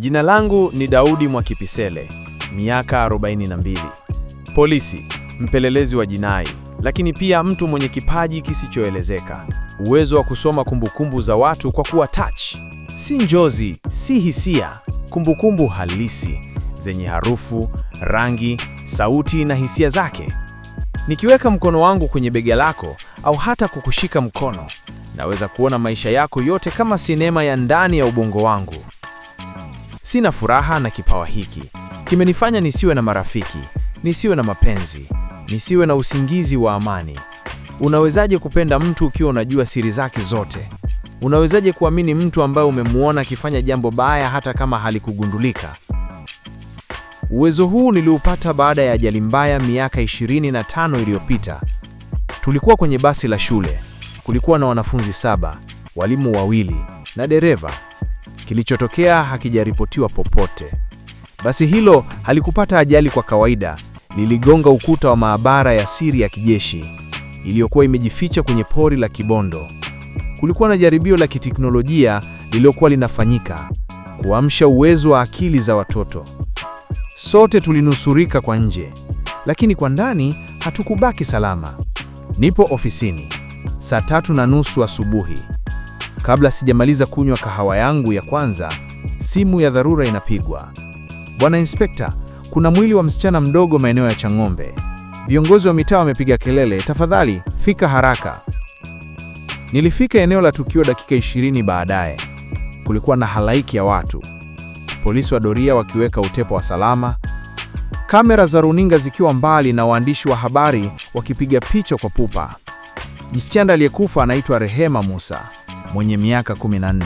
Jina langu ni Daudi Mwakipisele, miaka 42, polisi, mpelelezi wa jinai, lakini pia mtu mwenye kipaji kisichoelezeka, uwezo wa kusoma kumbukumbu za watu kwa kuwa touch. Si njozi, si hisia, kumbukumbu halisi zenye harufu, rangi, sauti na hisia zake. Nikiweka mkono wangu kwenye bega lako au hata kukushika mkono, naweza kuona maisha yako yote kama sinema ya ndani ya ubongo wangu. Sina furaha na kipawa hiki, kimenifanya nisiwe na marafiki, nisiwe na mapenzi, nisiwe na usingizi wa amani. Unawezaje kupenda mtu ukiwa unajua siri zake zote? Unawezaje kuamini mtu ambaye umemuona akifanya jambo baya hata kama halikugundulika? Uwezo huu niliupata baada ya ajali mbaya miaka 25 iliyopita. Tulikuwa kwenye basi la shule. Kulikuwa na wanafunzi saba, walimu wawili na dereva. Kilichotokea hakijaripotiwa popote. Basi hilo halikupata ajali kwa kawaida, liligonga ukuta wa maabara ya siri ya kijeshi iliyokuwa imejificha kwenye pori la Kibondo. Kulikuwa na jaribio la kiteknolojia lililokuwa linafanyika kuamsha uwezo wa akili za watoto. Sote tulinusurika kwa nje, lakini kwa ndani hatukubaki salama. Nipo ofisini saa tatu na nusu asubuhi, Kabla sijamaliza kunywa kahawa yangu ya kwanza, simu ya dharura inapigwa. Bwana Inspekta, kuna mwili wa msichana mdogo maeneo ya Chang'ombe. Viongozi wa mitaa wamepiga kelele, tafadhali fika haraka. Nilifika eneo la tukio dakika 20 baadaye. Kulikuwa na halaiki ya watu, polisi wa doria wakiweka utepo wa salama, kamera za runinga zikiwa mbali na waandishi wa habari wakipiga picha kwa pupa. Msichana aliyekufa anaitwa Rehema Musa mwenye miaka 14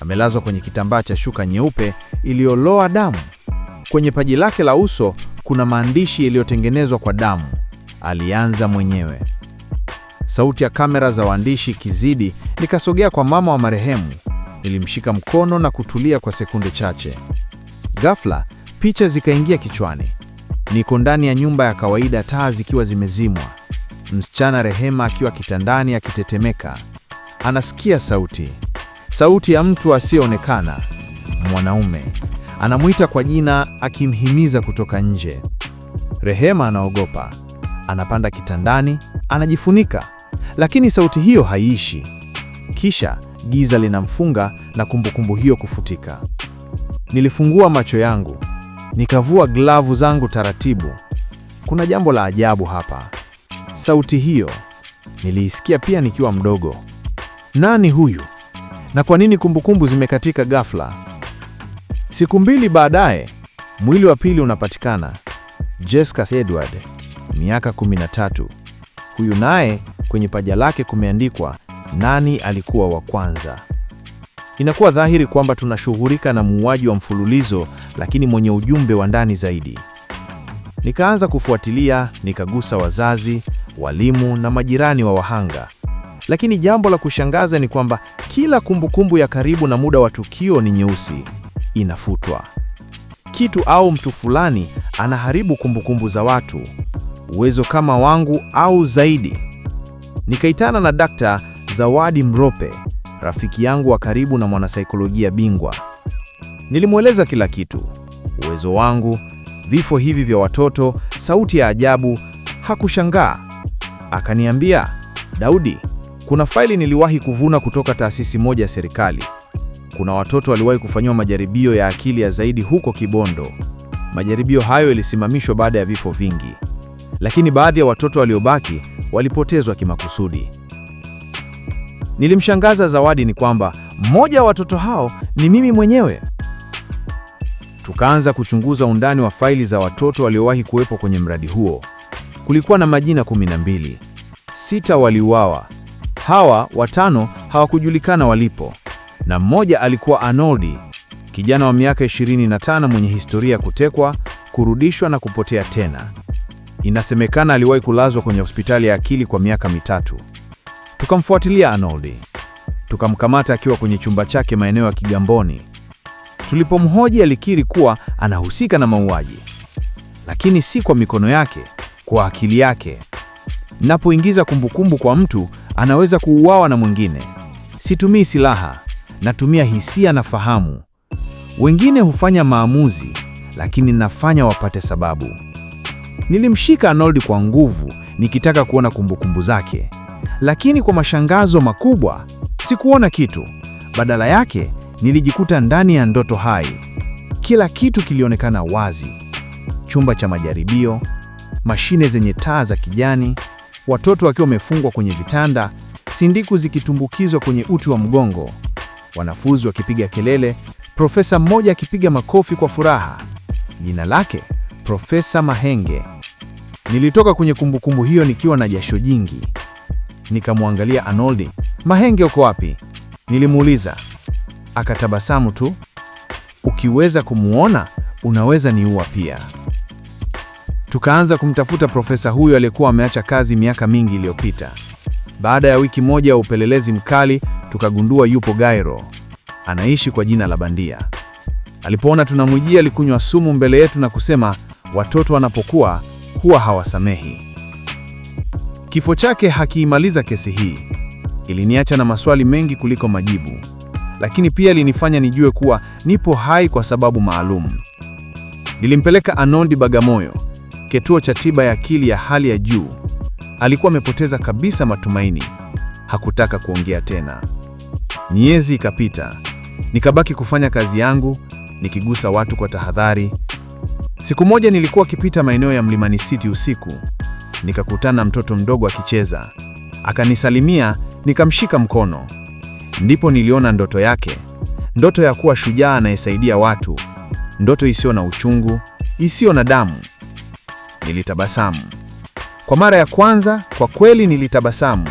amelazwa kwenye kitambaa cha shuka nyeupe iliyoloa damu. Kwenye paji lake la uso kuna maandishi yaliyotengenezwa kwa damu, alianza mwenyewe. Sauti ya kamera za waandishi kizidi nikasogea kwa mama wa marehemu, nilimshika mkono na kutulia kwa sekunde chache. Ghafla picha zikaingia kichwani. Niko ndani ya nyumba ya kawaida, taa zikiwa zimezimwa, msichana Rehema akiwa kitandani akitetemeka. Anasikia sauti, sauti ya mtu asiyeonekana, mwanaume anamwita kwa jina, akimhimiza kutoka nje. Rehema anaogopa, anapanda kitandani, anajifunika, lakini sauti hiyo haiishi. Kisha giza linamfunga na kumbukumbu hiyo kufutika. Nilifungua macho yangu, nikavua glavu zangu taratibu. Kuna jambo la ajabu hapa. Sauti hiyo niliisikia pia nikiwa mdogo. Nani huyu na kwa nini kumbukumbu zimekatika ghafla? Siku mbili baadaye, mwili wa pili unapatikana, Jessica Edward, miaka 13. Huyu naye kwenye paja lake kumeandikwa nani alikuwa wa kwanza. Inakuwa dhahiri kwamba tunashughulika na muuaji wa mfululizo, lakini mwenye ujumbe wa ndani zaidi. Nikaanza kufuatilia, nikagusa wazazi, walimu na majirani wa wahanga. Lakini jambo la kushangaza ni kwamba kila kumbukumbu ya karibu na muda wa tukio ni nyeusi, inafutwa. Kitu au mtu fulani anaharibu kumbukumbu za watu, uwezo kama wangu au zaidi. Nikaitana na Dakta Zawadi Mrope, rafiki yangu wa karibu na mwanasaikolojia bingwa. Nilimweleza kila kitu, uwezo wangu, vifo hivi vya watoto, sauti ya ajabu. Hakushangaa, akaniambia, Daudi, kuna faili niliwahi kuvuna kutoka taasisi moja ya serikali. Kuna watoto waliwahi kufanyiwa majaribio ya akili ya zaidi huko Kibondo. Majaribio hayo yalisimamishwa baada ya vifo vingi, lakini baadhi ya watoto waliobaki walipotezwa kimakusudi. Nilimshangaza Zawadi ni kwamba mmoja wa watoto hao ni mimi mwenyewe. Tukaanza kuchunguza undani wa faili za watoto waliowahi kuwepo kwenye mradi huo. Kulikuwa na majina 12. Sita waliuawa, Hawa watano hawakujulikana walipo, na mmoja alikuwa anoldi kijana wa miaka 25 mwenye historia ya kutekwa, kurudishwa na kupotea tena. Inasemekana aliwahi kulazwa kwenye hospitali ya akili kwa miaka mitatu. Tukamfuatilia anoldi tukamkamata akiwa kwenye chumba chake maeneo ya Kigamboni. Tulipomhoji alikiri kuwa anahusika na mauaji, lakini si kwa mikono yake, kwa akili yake. Napoingiza kumbukumbu kwa mtu, anaweza kuuawa na mwingine. Situmii silaha, natumia hisia na fahamu. Wengine hufanya maamuzi, lakini nafanya wapate sababu. Nilimshika Arnold kwa nguvu, nikitaka kuona kumbukumbu zake, lakini kwa mashangazo makubwa, sikuona kitu. Badala yake, nilijikuta ndani ya ndoto hai. Kila kitu kilionekana wazi: chumba cha majaribio, mashine zenye taa za kijani watoto wakiwa wamefungwa kwenye vitanda, sindiku zikitumbukizwa kwenye uti wa mgongo, wanafunzi wakipiga kelele, profesa mmoja akipiga makofi kwa furaha. Jina lake Profesa Mahenge. Nilitoka kwenye kumbukumbu hiyo nikiwa na jasho jingi. Nikamwangalia Arnoldi. Mahenge, uko wapi? Nilimuuliza. Akatabasamu tu. Ukiweza kumuona unaweza niua pia. Tukaanza kumtafuta profesa huyo aliyekuwa ameacha kazi miaka mingi iliyopita. Baada ya wiki moja ya upelelezi mkali, tukagundua yupo Gairo, anaishi kwa jina la bandia. Alipoona tunamwijia, alikunywa sumu mbele yetu na kusema, watoto wanapokuwa huwa hawasamehi. Kifo chake hakiimaliza kesi hii. Iliniacha na maswali mengi kuliko majibu, lakini pia ilinifanya nijue kuwa nipo hai kwa sababu maalum. Nilimpeleka Anondi Bagamoyo kituo cha tiba ya akili ya hali ya juu. Alikuwa amepoteza kabisa matumaini, hakutaka kuongea tena. Miezi ikapita, nikabaki kufanya kazi yangu, nikigusa watu kwa tahadhari. Siku moja nilikuwa kipita maeneo ya Mlimani City usiku, nikakutana na mtoto mdogo akicheza. Akanisalimia, nikamshika mkono. Ndipo niliona ndoto yake, ndoto ya kuwa shujaa anayesaidia watu, ndoto isiyo na uchungu, isiyo na damu. Nilitabasamu kwa mara ya kwanza, kwa kweli nilitabasamu,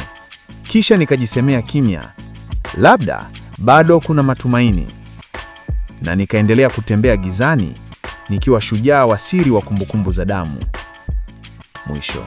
kisha nikajisemea kimya, labda bado kuna matumaini, na nikaendelea kutembea gizani nikiwa shujaa wa siri wa kumbukumbu za damu. Mwisho.